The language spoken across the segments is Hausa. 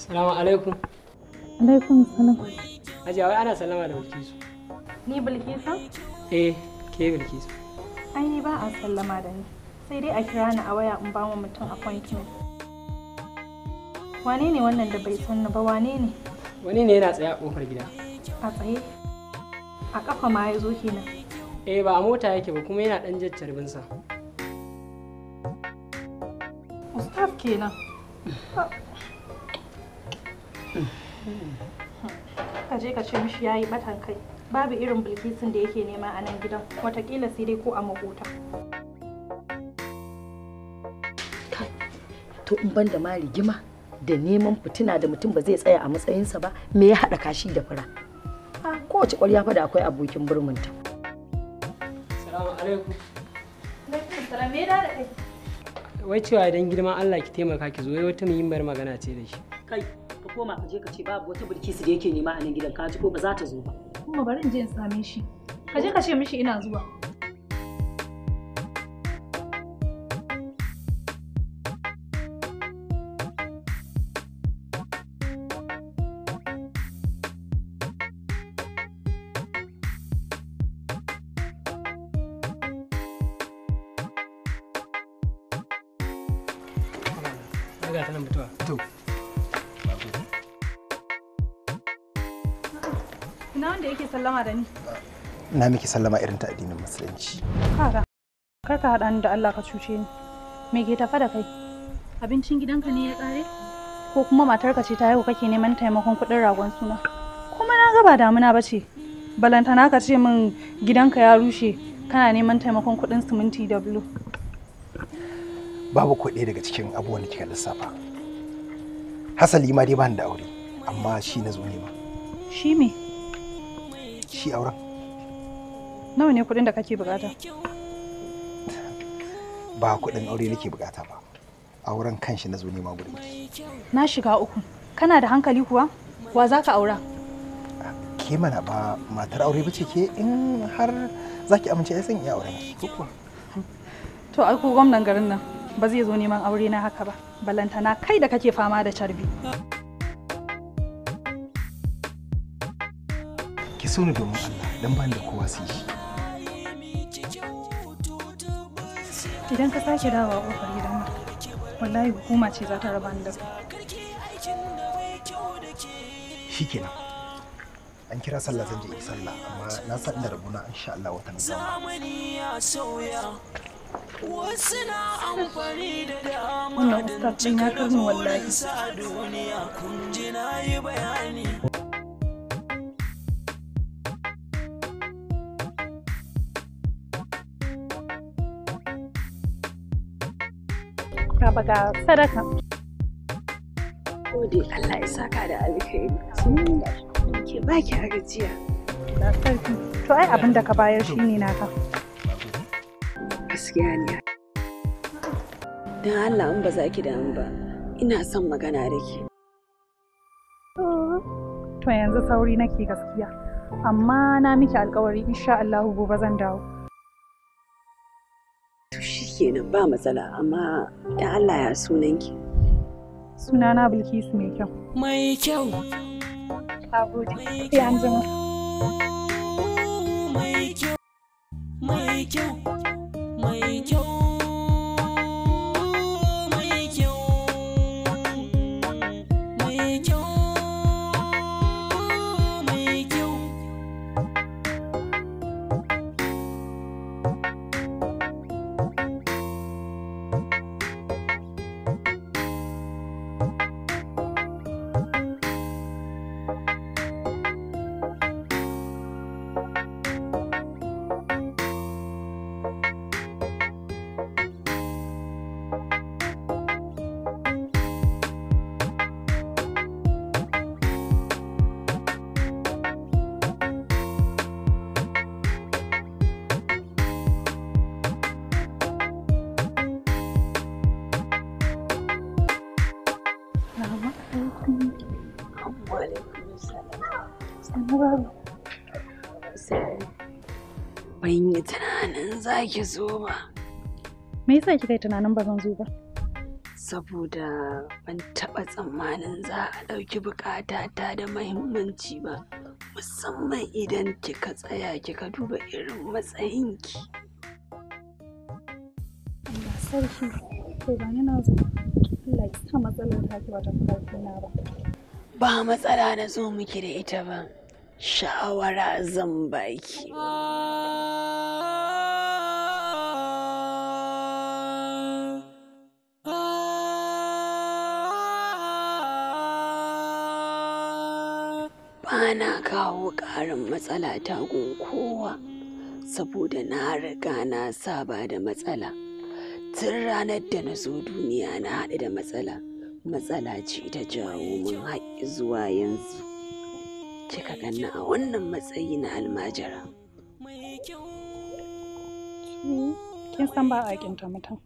Salamu alaikum. Alaikum salam. Ajiya wai ana salama da Bilkisu. Ni Bilkisu? Eh, ke Bilkisu. Ai ni ba a sallama da ni. Sai dai a kira ni a waya in ba mu mutum appointment. Wane ne wannan da bai san ba wane ne? Wani ne yana tsaye a kofar gida. A tsaye? A kafa ma ya zo kenan. Eh ba a mota yake ba kuma yana dan jaccarbin sa. Ustaz kenan. ka je ka ce mishi yayi batan kai babu irin bilkisin da yake nema a nan gidan watakila sai dai ko a makota to in ban da ma rigima da neman fitina da mutum ba zai tsaya a matsayinsa ba me ya haɗa kashi da fura kowace ƙwarya fa da akwai abokin burminta salamu alaikum salam me da kai wai cewa idan girman Allah ki taimaka ki zo wai wata muhimmiyar magana ce da shi kai koma ka je ka ce babu wata bilkisu da yake nema a nan gidan ka ji ko ba za ta zo ba kuma bari in je in same shi ka je ka ce mishi ina zuwa ga mutuwa. To, Ina wanda yake sallama da ni na miki sallama irin ta addinin musulunci kara kar ka haɗa ni da Allah ka cuce ni me ke tafa da kai abincin gidanka ne ya ƙare ko kuma matarka ce ta haihu kake neman taimakon kuɗin ragon suna kuma na ga ba damuna ba ce balantana ka ce min gidanka ya rushe kana neman taimakon kuɗin siminti da bulo babu kuɗi daga cikin abubuwan da kika lissafa hasali ma dai ba da aure amma shi na zo nema shi me shi auren nawa ne kuɗin da kake bukata ba kuɗin aure nake bukata ba auren kanshi na zo ma gurin na shiga uku kana da hankali kuwa wa za ka aura ke mana ba matar aure ba ce ke in har za ki amince ya san iya auren kuwa to ai ko gwamnan garin nan ba zai zo neman aure na haka ba balantana kai da kake fama da carbi. so ni domin Allah dan bani da kowa sai shi idan ka sake dawowa kofar gidan mu wallahi hukuma ce za ta raba ni da shikenan an kira sallah zan je yi sallah amma na san da rabuna insha Allah wata nan wasu na amfani da dama da ya karni wallahi kun ji na yi bayani Ka baka sadaka gode Allah ya saka da alkhairi, ke baki ki gajiya na sarki to ai abin da ka bayar shine naka gaskiya ne Dan Allah in ba za ki damu ba ina son magana da ke to yanzu sauri nake gaskiya amma na miki alkawari insha Allah gobe zan dawo kenan ba matsala amma da Allah ya sunanki. Sunana Bilkisu mai kyau. Mai kyau. gode. Mai kyau. sannu babu ban yi tunanin za ki zo ba me yasa kika yi tunanin ba zan zo ba saboda ban taɓa tsammanin za a ɗauki ta da mahimmanci ba musamman idan kika tsaya kika duba irin matsayinki Ina sarki to ba ni na zo Allah ya sa matsalar ta ki ba ta ba ba matsala na zo miki da ita ba shawara zan baki. Bana kawo ƙarin matsala ta kowa, saboda na riga na saba da matsala. Tun ranar da na zo duniya na haɗu da matsala, matsala ce ta jawo mun haƙƙi zuwa yanzu. kika ganna a wannan matsayi na almajira. Kin san ba a kinta mutum.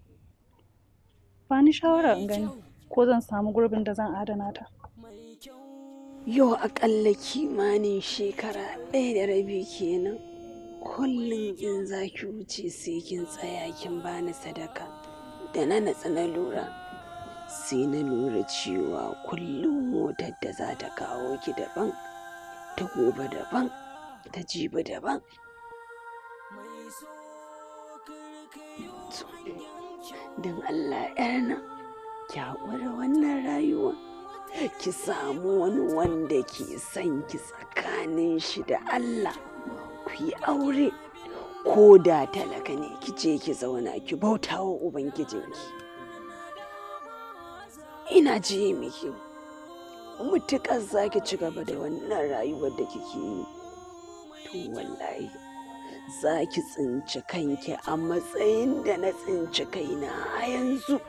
Ba ni shawara in gani ko zan samu gurbin da zan adana ta. Yau aƙalla kimanin shekara ɗaya da rabi kenan. Kullum in za ki wuce sai kin tsaya kin bani sadaka da na natsa na lura. sai na lura cewa kullum motar da za ta kawo ki daban ta gobe daban ta jibi daban don allah yana ki haƙura wannan rayuwa ki samu wani wanda ke san ki tsakanin shi da allah ku yi aure ko da talaka ne ki je ki zauna ki bauta wa ubangijinki ina ji miki za zaki ci gaba da wannan rayuwar da kike yi to wallahi za ki tsinci kanki a matsayin da na tsinci kaina a yanzu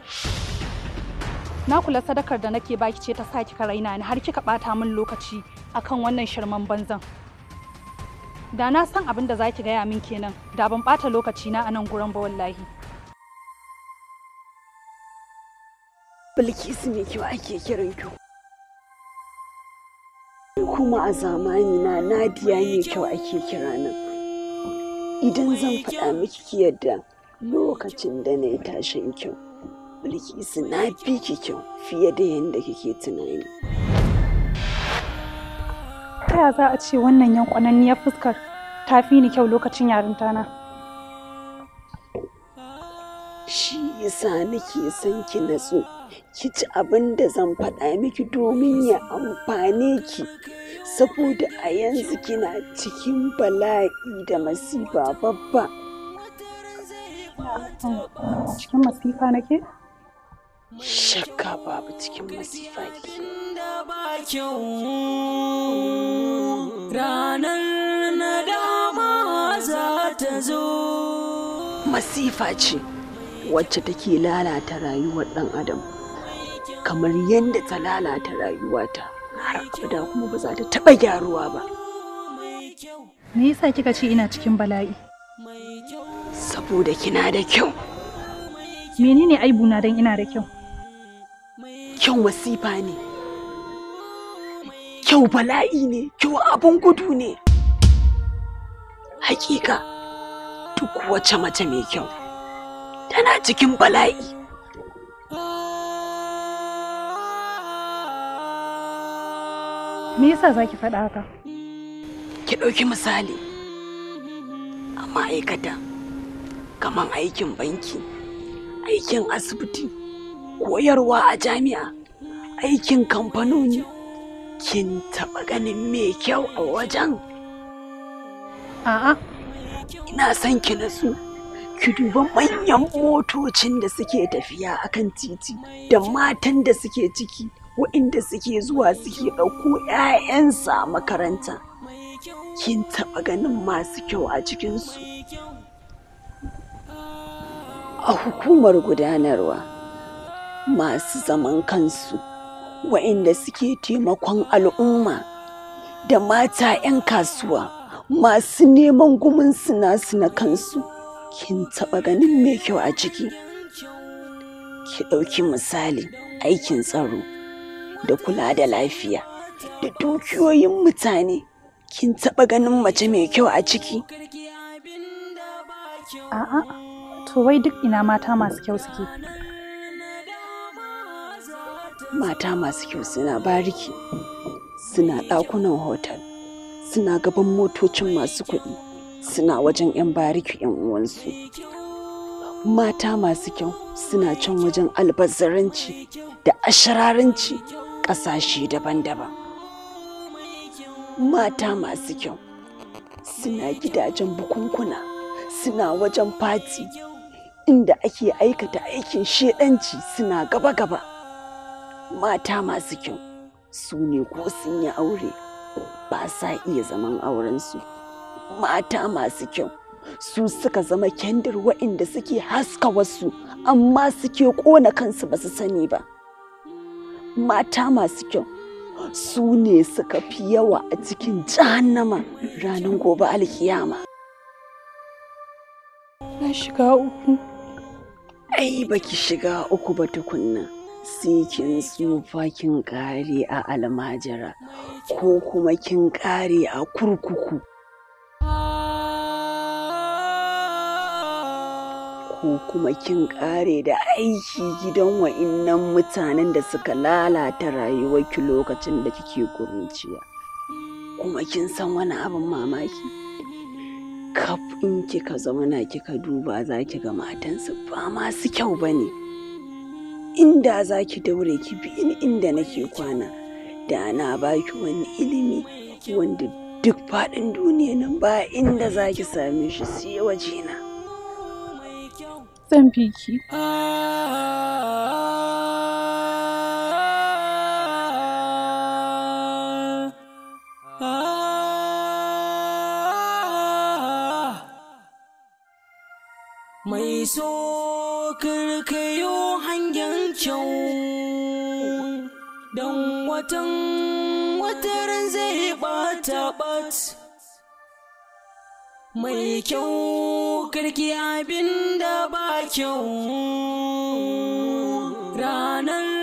na kula sadakar da nake baki ce ta saki karaina ni har kika bata min lokaci akan wannan shirman banzan da na san abin da zaki gaya min kenan da ban bata lokaci na a nan gurin ba wallahi bilkisu ne kiwa ake kiran ki kuma a zamani na nadiya mai kyau ake kira nan idan zan faɗa miki yadda lokacin da na yi tashin kyau bilkisu na fi ki kyau fiye da yadda kike tunani ta za a ce wannan yankwananniyar fuskar ta fi ni kyau lokacin yarinta na shi yasa nake son ki natsu ki ci abin da zan faɗa miki domin ya amfane ki saboda a yanzu kina cikin bala'i da masifa babba cikin masifa nake? shakka babu cikin masifa ke ranar na dama za ta zo masifa ce wacce take lalata rayuwar dan adam kamar yadda ta lalata rayuwata har abada kuma ba za ta taɓa gyaruwa ba. Me yasa kika ce ina cikin bala'i? Saboda kina da kyau. Menene aibuna don ina da kyau? Kyau wasifa ne. Kyau bala'i ne, kyau abin gudu ne. Hakika, duk wacce mace mai kyau tana cikin bala'i. Me yasa zaki faɗa haka? Ki ɗauki misali a ma'aikata kamar aikin banki, aikin asibiti, koyarwa a jami'a, aikin kamfanoni. Kin taɓa ganin me kyau a wajen? A'a. Ina son ki natsu. ki duba manyan motocin da suke tafiya akan titi da matan da suke ciki waɗanda suke zuwa suke ɗauko yayansu a makaranta kin taɓa ganin masu kyau a cikinsu a hukumar gudanarwa masu zaman kansu waɗanda suke taimakon al'umma da mata 'yan kasuwa masu neman gumin sinasu na kansu kin taɓa ganin mai kyau a ciki ki ɗauki misali aikin tsaro da kula da lafiya da dukiyoyin mutane kin taɓa ganin mace mai kyau a ciki a'a to wai duk ina mata masu kyau suke mata masu kyau suna bariki suna ɗakunan hotel suna gaban motocin masu kuɗi suna wajen 'yan bariki 'yan uwansu mata masu kyau suna can wajen albazaranci da ashararanci ƙasashe daban-daban mata masu kyau suna gidajen bukunkuna suna wajen fati inda ake aikata aikin shedanci suna gaba-gaba mata masu kyau su ne ko sun yi aure ba sa iya zaman aurensu mata masu kyau su suka zama kyandir inda suke haska wasu amma suke ƙona kansu ba su sani ba mata masu kyau su ne suka fi yawa a cikin jahannama ranar gobe alkiyama. Na shiga uku. Ai baki shiga uku ba tukunna. Sai kin tsufa kin kare a almajira ko kuma kin kare a kurkuku. ko kuma kin kare da aiki gidan wa'innan mutanen da suka lalata rayuwarki lokacin da kike kuruciya kuma kin san wani abin mamaki kaf in kika zauna kika duba za ki ga matansu ba masu kyau ba ne inda za ki daure ki bi inda nake kwana da na baki wani ilimi wanda duk faɗin duniya nan ba inda za ki same shi sai wajena zan bi ki. Mai so karkayo hangen kyau don watan zai bata mai kyau karki abin da ba kyau ranar